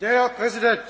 Der Herr Präsident!